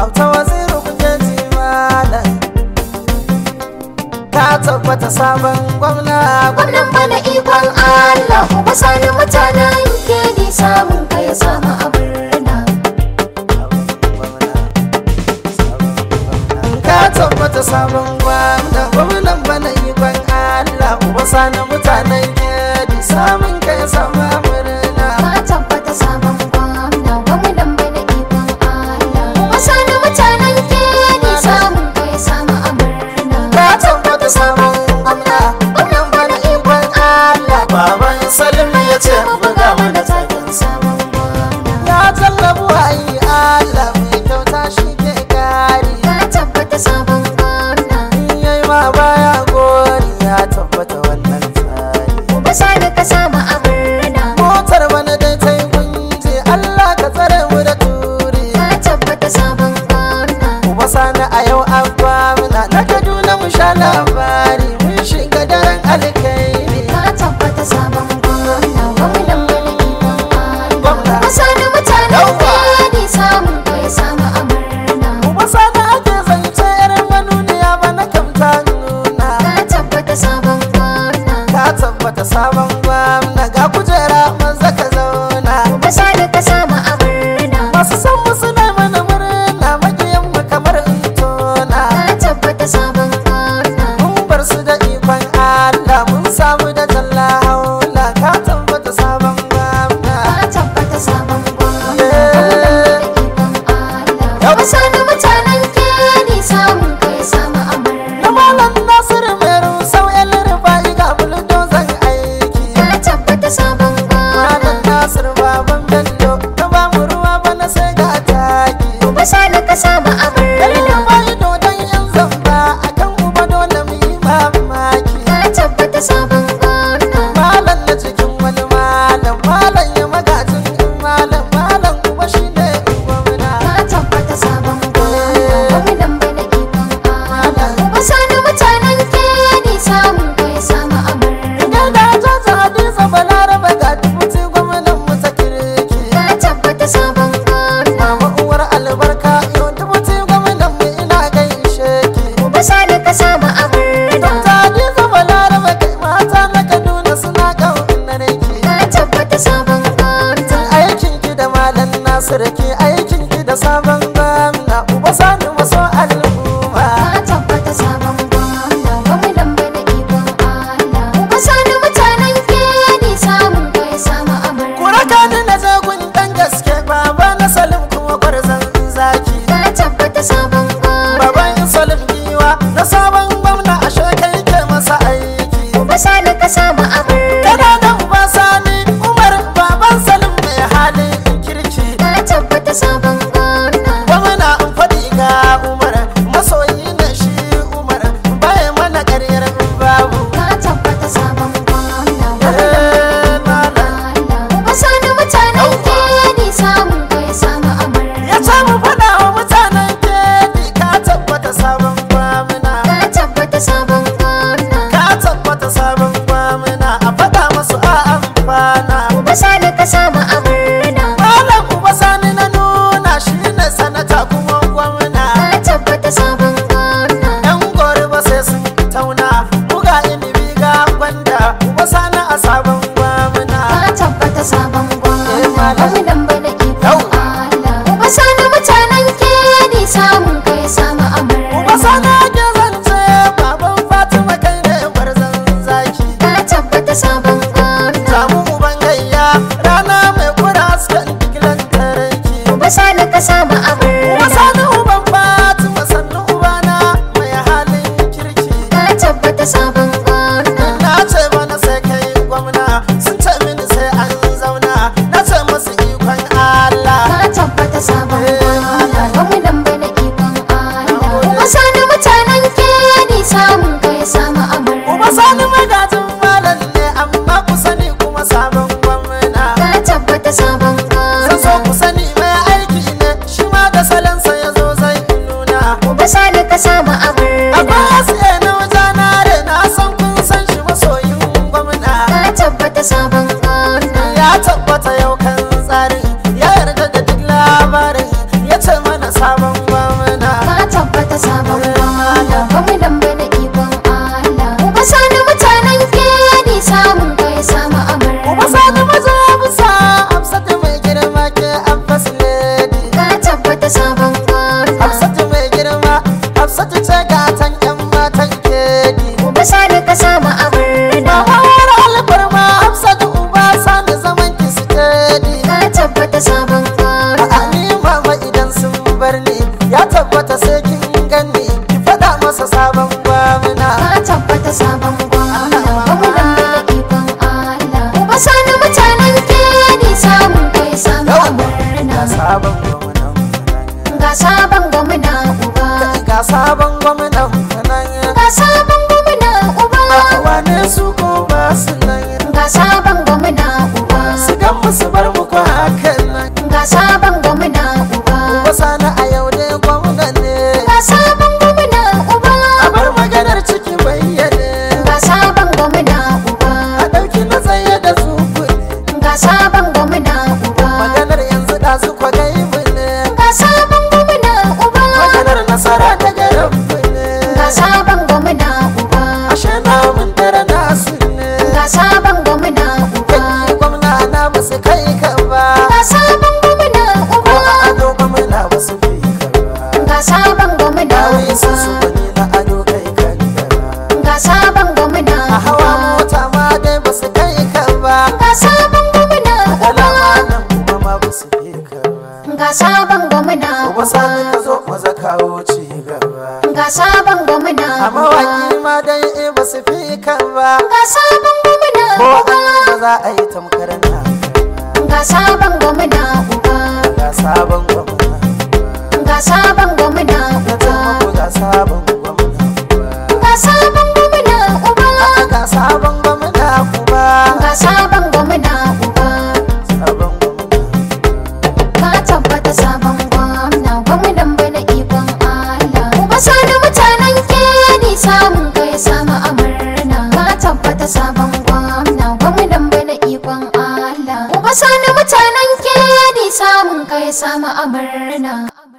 auta waziri kuke jimala ta tabbata sabon gwamna gwamnan bana ikon allah ba sani mutanen ke ni samun ka ya samu abin tabbata sabon gwamna gwamnan bana ikon allah ba sani mutanen ke ni samun la ya sabes. sani magajin malam ne amma ku sani kuma sabon gwamna ka tabbata sabon gwamna so ku sani mai aiki ne shi ma da salansa ya zo zai nuna ku ba sani ka samu abin ga sabon gwamna uba ga sabon gwamna nan ga sabon gwamna uba wane su ko ba su nan ga sabon gwamna uba su gan mu bar mu ko hakan nan ga sabon gwamna uba uba sana a yau ne gwamna ne ga sabon gwamna uba a bar maganar ciki bayyane ga sabon gwamna uba a dauki na tsaye da su ga sabon gwamna uba maganar yanzu da su kwagai sabon gwamna uba ashe namun tara nasu ne ga sabon gwamna uba kai gwamna na ba su kai ka ba ga sabon gwamna uba a ado gwamna ba su fi ka ba ga sabon gwamna uba su su wani na ado kai kan ba ga sabon gwamna a hawa mota ma dai ba su kai ka ba ga sabon gwamna uba nan kuma ma ba su fi ka ba ga sabon gwamna uba sani ka zo maza kawo ci gaba ga sabon a mawaƙi ma dan e eh, ba su fi kan ba ga sabon gwamna ko ba za a yi tamkar na ga sabon na uba ga sabon gwamna ya a